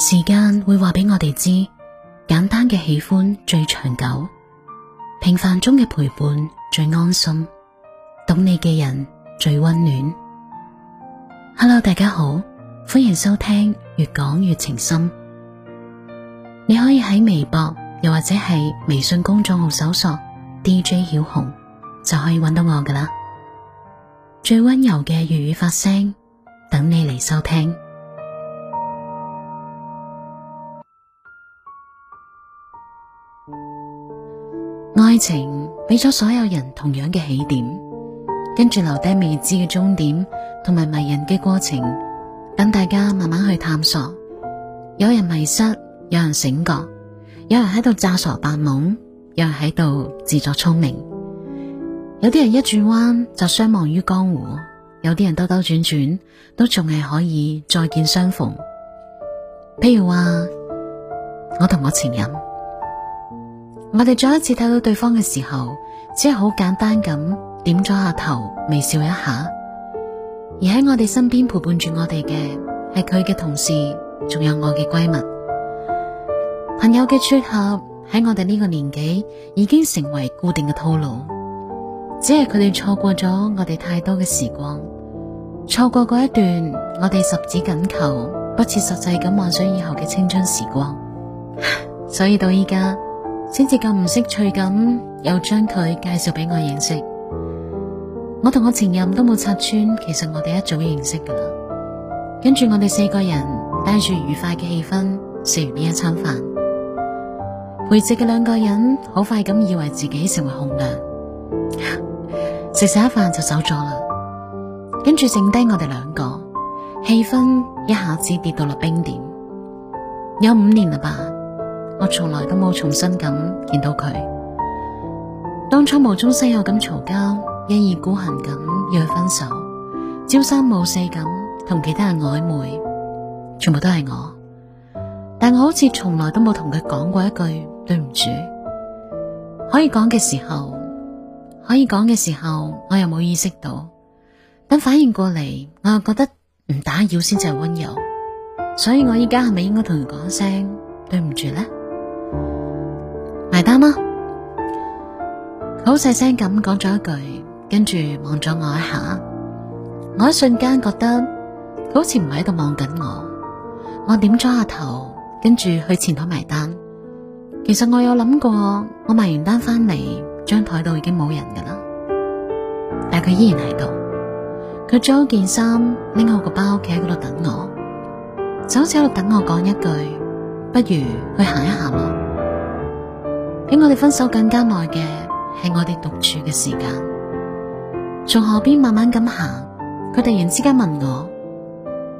時間會話俾我哋知，簡單嘅喜歡最長久，平凡中嘅陪伴最安心，懂你嘅人最溫暖。Hello，大家好，歡迎收聽越講越情深。你可以喺微博又或者係微信公眾號搜索 DJ 曉紅，就可以揾到我㗎喇。最溫柔嘅粵語發聲，等你嚟收聽。愛情俾咗所有人同樣嘅起點，跟住留低未知嘅終點同埋迷人嘅過程，等大家慢慢去探索。有人迷失，有人醒覺，有人喺度詐傻扮懵，有人喺度自作聰明。有啲人一轉彎就相忘於江湖，有啲人兜兜轉轉都仲係可以再見相逢。譬如話，我同我情人。我哋再一次睇到對方嘅時候，只係好簡單咁點咗下頭，微笑一下。而喺我哋身邊陪伴住我哋嘅，係佢嘅同事，仲有我嘅閨蜜、朋友嘅撮合。喺我哋呢個年紀，已經成為固定嘅套路，只係佢哋錯過咗我哋太多嘅時光，錯過嗰一段我哋十指緊扣、不切實際咁幻想以後嘅青春時光。 所以到依家。先至咁唔識趣咁，又將佢介紹俾我認識。我同我前任都冇拆穿，其實我哋一早認識噶啦。跟住我哋四個人帶住愉快嘅氣氛食完呢一餐飯，陪席嘅兩個人好快咁以為自己成為紅娘，食食一飯就走咗啦。跟住剩低我哋兩個，氣氛一下子跌到落冰點。有五年啦吧。我從來都冇重新咁見到佢，當初無中生有咁嘈交，一意孤行咁要去分手，朝三暮四咁同其他人曖昧，全部都係我。但我好似從來都冇同佢講過一句對唔住。可以講嘅時候，可以講嘅時候，我又冇意識到。等反應過嚟，我又覺得唔打擾先至係温柔。所以我依家係咪應該同佢講聲對唔住呢？埋單啦！佢好細聲咁講咗一句，跟住望咗我一下。我一瞬間覺得佢好似唔係喺度望緊我。我點咗下頭，跟住去前台埋單。其實我有諗過，我埋完單翻嚟，張台度已經冇人噶啦。但佢依然喺度。佢着件衫，拎好個包，企喺嗰度等我，就好似喺度等我講一句。不如去行一行咯。比我哋分手更加耐嘅係我哋獨處嘅時間，從河邊慢慢咁行。佢突然之間問我：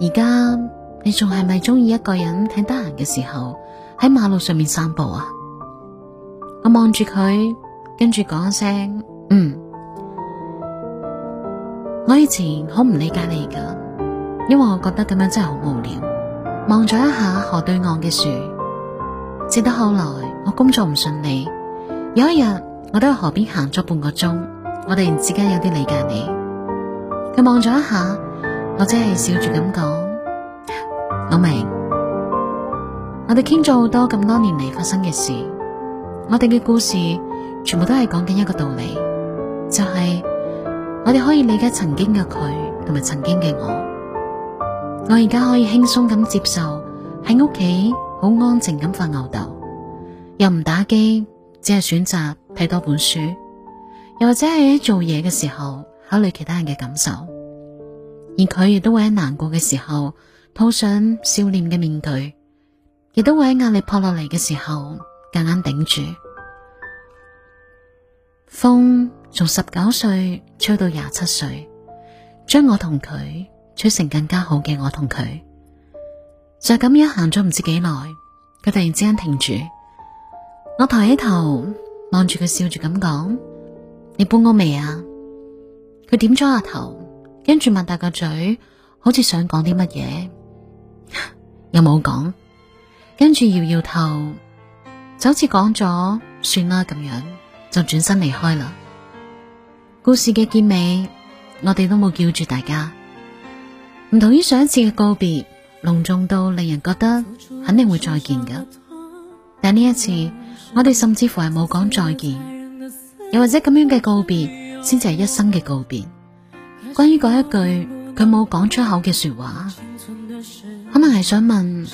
而家你仲係咪鍾意一個人睇得閒嘅時候喺馬路上面散步啊？我望住佢，跟住講聲：嗯。我以前好唔理解你噶，因為我覺得咁樣真係好無聊。望咗一下河對岸嘅樹，直到後來我工作唔順利，有一日我都喺河邊行咗半個鐘，我突然之間有啲理解你。佢望咗一下，我只係笑住咁講：我明，我哋傾咗好多咁多年嚟發生嘅事，我哋嘅故事全部都係講緊一個道理，就係我哋可以理解曾經嘅佢同埋曾經嘅我。我而家可以輕鬆咁接受喺屋企好安靜咁發牛豆，又唔打機，只係選擇睇多本書，又或者係喺做嘢嘅時候考慮其他人嘅感受。而佢亦都會喺難過嘅時候套上笑臉嘅面具，亦都會喺壓力撲落嚟嘅時候夾硬頂住。風從十九歲吹到廿七歲，將我同佢。促成更加好嘅我同佢，就咁樣行咗唔知幾耐，佢突然之間停住，我抬起頭望住佢笑住咁講：你搬屋未啊？佢點咗下頭，跟住擘大個嘴，好似想講啲乜嘢， 又冇講，跟住搖搖頭，就好似講咗算啦咁樣，就轉身離開啦。故事嘅結尾，我哋都冇叫住大家。唔同於上一次嘅告別，隆重到令人覺得肯定會再見嘅，但呢一次我哋甚至乎係冇講再見，又或者咁樣嘅告別先至係一生嘅告別。關於嗰一句佢冇講出口嘅說話，可能係想問，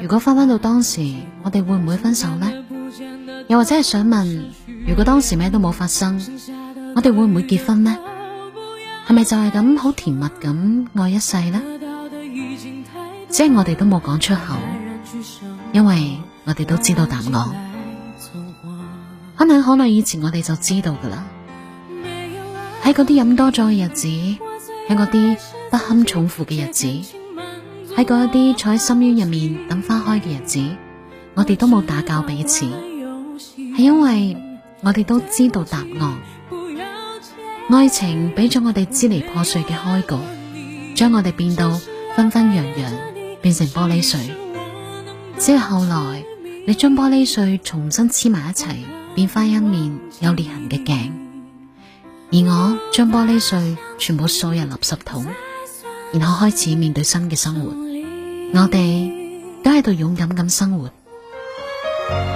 如果翻返到當時，我哋會唔會分手呢？又或者係想問，如果當時咩都冇發生，我哋會唔會結婚呢？係咪就係咁好甜蜜咁愛一世呢？即係我哋都冇講出口，因為我哋都知道答案。可能好耐以前我哋就知道噶啦。喺嗰啲飲多咗嘅日子，喺嗰啲不堪重負嘅日子，喺嗰啲坐喺深淵入面等花開嘅日子，我哋都冇打攪彼此，係因為我哋都知道答案。愛情俾咗我哋支離破碎嘅開局，將我哋變到紛紛揚揚，變成玻璃碎。只係後來，你將玻璃碎重新黐埋一齊，變返一面有裂痕嘅鏡。而我將玻璃碎全部掃入垃圾桶，然後開始面對新嘅生活。我哋都喺度勇敢咁生活。啊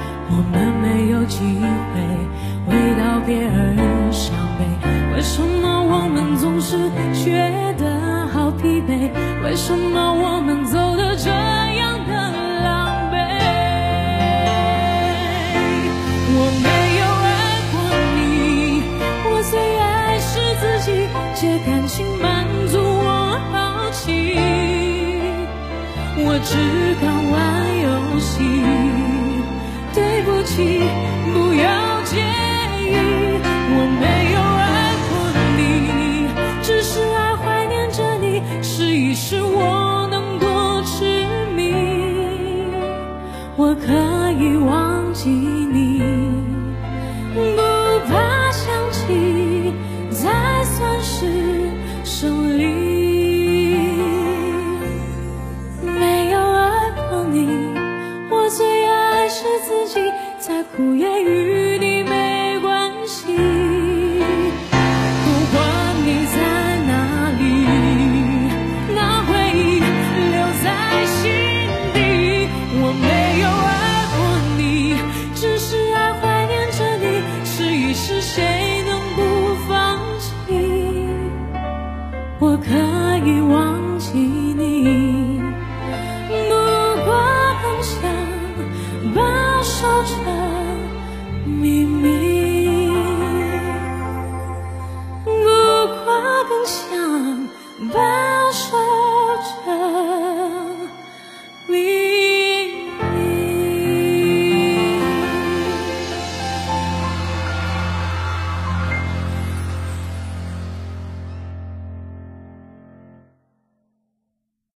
只敢玩遊戲，對不起。可以忘記你。